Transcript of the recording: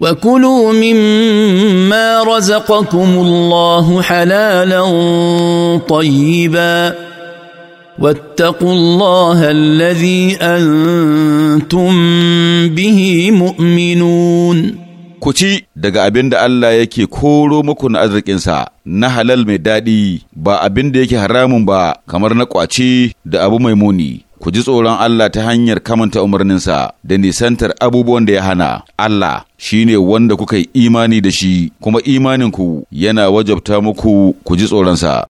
وكلوا مما رزقكم الله حلالا طيبا واتقوا الله الذي انتم به مؤمنون ku ci daga abin da Allah yake koro muku na arzikinsa na halal mai daɗi ba abin da yake haramun ba kamar na ƙwace da abu mai muni ku ji tsoron Allah ta hanyar kamanta umarninsa da nisantar abubuwan da ya hana Allah shi ne wanda kuka yi imani da shi kuma imaninku yana wajabta muku ku ji tsoronsa